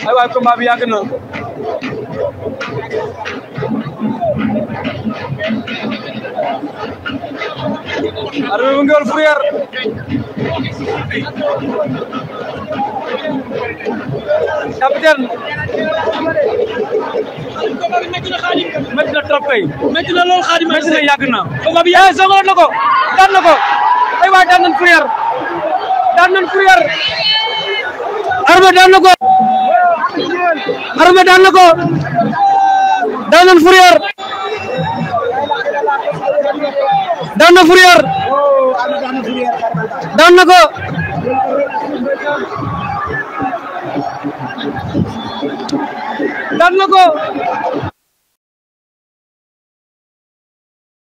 ay waay combat bi yàgg na armée bu Ngéwél Fourrière capitaine métti na trop kay métti na lool Xaadim métti na yàgg na combat bi yàgg na eh, songal na ko daan na ko ay waay daan nañ Fourrière daan nañ Courrier Armé daan na ko Armé daan na ko daan nañ Courrier daan na Courrier daan na ko daan na ko